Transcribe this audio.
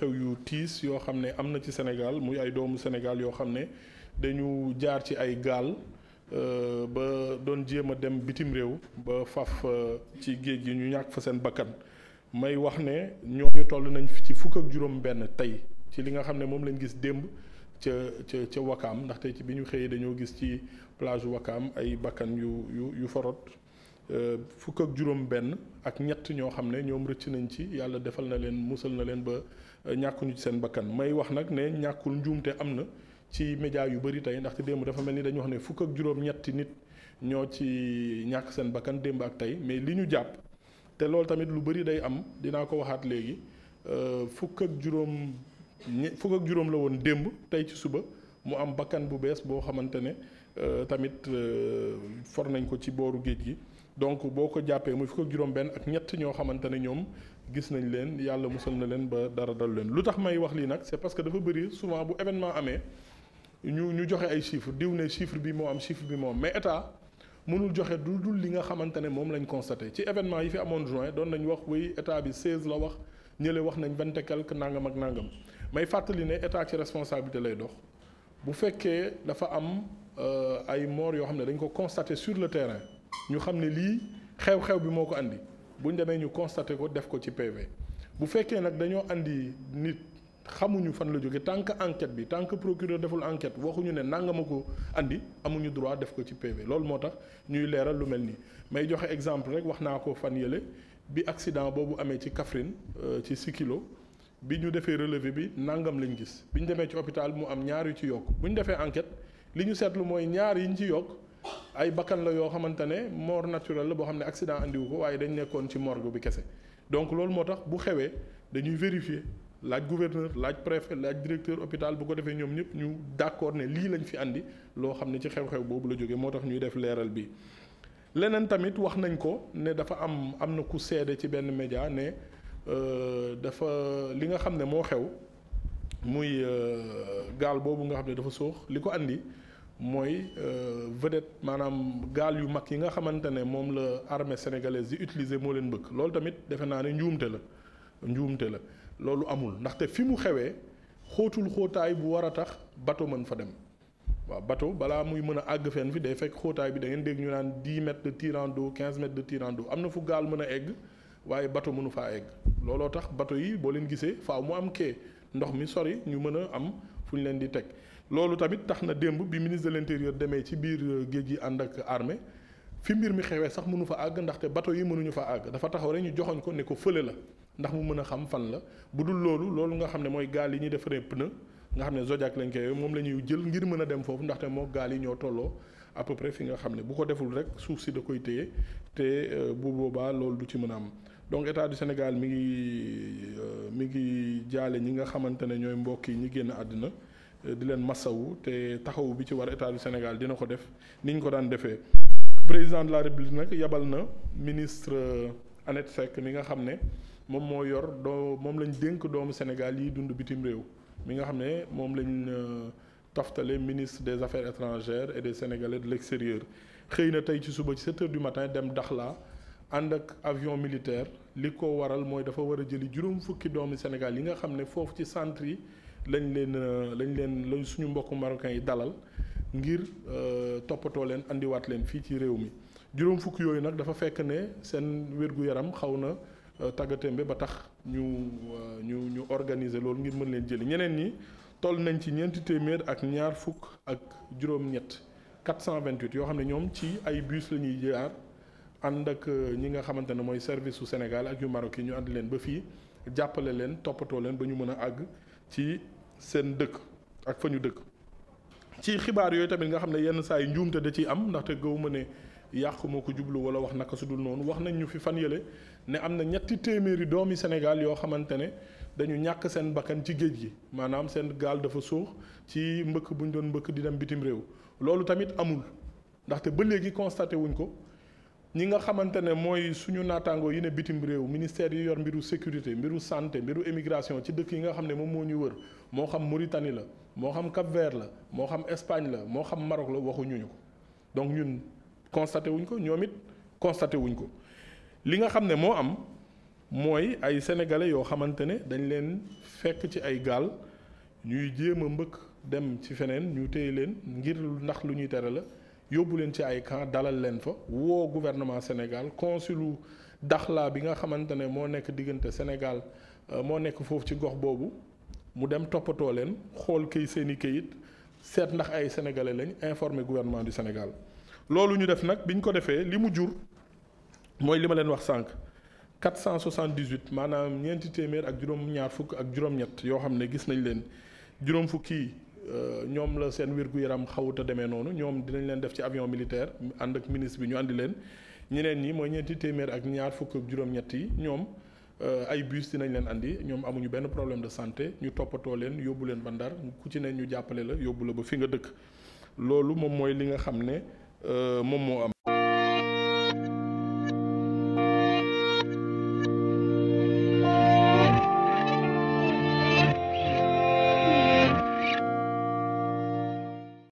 xew yu tiis yoo xam ne am na ci Sénégal muy ay doomu Sénégal yoo xam ne dañu jaar ci ay gaal euh, ba doon jéem a dem bitim réew ba faf euh, ci géej gi ñu ñàkk fa seen bakkan may wax ne ñooñu toll nañ fi ci fukk ak juróom-benn tey ci li nga xam ne moom lañ gis démb ca ca ca Wakaam ndaxte ci bi ñu xëyee dañoo gis ci plage Wakaam ay bakkan yu yu yu forot Euh, fukk ak juróom benn ak ñett ñoo xam ne ñoom rëcc nañ ci yàlla defal na leen musal na leen ba euh, ñàkkuñu ci seen bakkan may wax nag ne ñàkkul njuumte am na ci média yu bari tey ndax ndaxte démb dafa mel ni dañu wax ne fukk ak juróom ñetti nit ñoo ci ñàkk seen bakkan démb ak tey mais li ñu jàpp te loolu tamit lu bëri day am dinaa ko waxaat léegi euh, fukk ak juróom fukk ak juróom la woon démb tey ci suba mu am bakkan bu bees boo xamante ne euh, tamit euh, for nañ ko ci booru géej gi donc boo ko jàppee mu fi ko juróom-benn ak ñett ñoo xamante ne ñoom gis nañ leen yàlla musal na leen ba dara dal leen lu tax may wax lii nag c'est parce que dafa bëri souvent bu événement amee ñu ñu joxe ay chiffres diw ne chiffre bi moo am chiffre bi moo am mais état mënul joxe du dul li nga xamante ne moom lañ constaté ci événement yi fi amoon juin doon nañ wax oui état bi 16 la wax ñële wax nañ vingt et nangam ak nangam may fàttali ne état ci responsabilité lay dox. bu fekkee dafa am euh, ay mort yoo xam ne dañ ko constaté sur le terrain ñu xam ne lii xew-xew bi moo ko andi buñ demee ñu constaté ko def ko ci PV bu fekkee nag dañoo andi nit xamuñu fan la jóge tant que enquête bi tant que procureur deful enquête waxuñu ne nangama ko andi amuñu droit def ko ci PV loolu moo tax ñuy leeral lu mel nii may joxe exemple rek wax naa ko fan yële bi accident boobu amee ci Kaffrine euh, ci Sikilo bi ñu defee relever bi nangam lañ gis bi ñu demee ci hôpital mu am ñaar yu ci yokk bu ñu defee enquête li ñu seetlu mooy ñaar yi ñu ci yokk ay bakkan la yoo xamante ne mort naturelle la boo xam ne accident andiwu ko waaye dañ nekkoon ci morgue bi kese donc loolu moo tax bu xewee dañuy vérifier laaj gouverneur laaj préfet laaj directeur hôpital bu ko defee ñoom ñëpp ñu d'accord ne lii lañ fi andi loo xam ne ci xew-xew boobu la jógee moo tax ñuy def leeral bi leneen tamit wax nañ ko ne dafa am am na ku seede ci benn média ne. Euh, dafa li nga xam ne moo xew muy euh, gaal boobu nga xam ne dafa suux li ko indi mooy euh, vedette maanaam gaal yu mag yi nga xamante ne moom la armée sénégalaise di utiliser moo leen bëgg loolu tamit defe naa ne njuumte la njuumte la loolu amul ndaxte fi mu xewee xootul xóotaay bu war a tax bato mën fa dem waaw bato balaa muy mën a àgg fenn fi day fekk xóotaay bi da ngeen dégg ñu naan 10 mètres de tirant d'eau 15 mètres de tirant d'eau am na fu gaal mën a egg waaye bato mënu faa egg looloo tax bato yi boo leen gisee faaw mu am quai ndox mi sori ñu mën a am fu ñu leen di teg loolu tamit tax na démb bi ministre de l'intérieur demee ci biir euh, géej gi ànd ak armée fi mbir mi xewee sax mënu fa àgg ndaxte bato yi mënuñu fa àgg dafa taxaw rek ñu joxoñ ko ne ko fële la ndax mu mën a xam fan la bu dul loolu loolu nga xam ne mooy gaal yi ñuy defaree pneu nga xam ne Zodiac lañ koy moom la ñuy jël ngir mën a dem foofu ndaxte moo gaal yi ñoo tolloo à peu près fi nga xam ne bu ko deful rek suuf si da koy téye te euh, bu boobaa loolu du ci mën a am donc état du Sénégal mi ngi euh, mi ngi jaale ñi nga xamante ne ñooy mbokk yi ñi génn àdduna euh, di leen massawu te taxaw bi ci war état du Sénégal dina ko def ni ko daan defee président de la république nag yabal na ministre Annette Seck mi nga xam ne moom moo yor doo moom lañ dénk doomu Sénégal yi dund bitim réew mi nga xam ne moom lañ taftale ministre des affaires étrangères et des sénégalais de l'extérieur xëy na tey ci suba ci 7 heures du matin dem Dakhla ànd ak avion militaire li ko waral mooy dafa war a jëli juróom fukki doomi Sénégal yi nga xam ne foofu ci centre yi lañ leen euh, lañ leen lañ suñu mbokku marocain yi dalal ngir euh, toppatoo leen indiwaat leen fii ci réew mi juróom fukki yooyu nag dafa fekk ne seen wér-gu-yaram xaw na euh, tàggatémbe ba tax ñu ñu ñu organiser loolu ngir mën leen jëli ñeneen ñi. toll nañ ci ñeenti téeméer ak ñaar fukk ak juróom-ñett 428 yoo xam ne ñoom ci ay bus la ñuy jaar ànd ak euh, ñi nga xamante ne mooy service su Sénégal ak yu Maroc yi ñu ànd leen ba fii jàppale leen toppatoo leen ba ñu mën a àgg ci seen dëkk ak fa ñu dëkk. ci xibaar yooyu tamit nga xam ne yenn saa yi njuumte da ciy am ndaxte ma ne yàqu moo ko jublu wala wax naka su dul noonu wax nañ ñu fi fan yële ne am na ñetti téeméeri doomi Sénégal yoo xamante ne. dañu ñàkk seen bakkan ci géej gi maanaam seen gaal dafa suux ci mbëkk bu ñu doon mbëkk di dem bitim réew loolu tamit amul ndaxte ba léegi constaté wuñ ko ñi nga xamante ne mooy suñu naataangoo yi ne bitim réew ministère yi yor mbiru sécurité mbiru santé mbiru émigration ci dëkk yi nga xam ne moom moo ñuy wër moo xam Mauritanie la moo xam cap la moo xam Espagne la moo xam Maroc la waxuñu ñu ko donc ñun constaté wuñ ko ñoom it constaté wuñ ko li nga xam ne moo am. mooy ay sénégalais yoo xamante ne dañ leen fekk ci ay gaal ñuy jéem a mbëkk dem ci feneen ñu téye leen ngir ndax lu ñuy tere la yóbbu leen ci ay camp dalal leen fa woo gouvernement Sénégal consulu Dakhla bi nga xamante ne moo nekk diggante Sénégal euh, moo nekk foofu ci gox boobu mu dem toppatoo leen xool kay seen i kayit seet ndax ay sénégalais lañ informer gouvernement du Sénégal loolu ñu def nag bi ñu ko defee li mu jur mooy li ma leen wax sànq. 478 maanaam ñeenti téeméer ak juróom-ñaar fukk ak juróom-ñett yoo xam ne gis nañ leen juróom fukki yi euh, ñoom la seen wér-gu-yaram xawuta demee noonu ñoom dinañ leen def ci avion militaire ànd ak ministre bi ñu àndi leen ñeneen ñi mooy ñeenti téeméer ak ñaar fukk ak juróom-ñett yi ñoom euh, ay bus dinañ leen andi ñoom amuñu benn problème de santé ñu toppatoo leen yóbbu leen ba Ndar ku ci ne ñu jàppale la yóbbu la ba fi nga dëkk loolu moom mooy li nga xam ne euh, moom moo am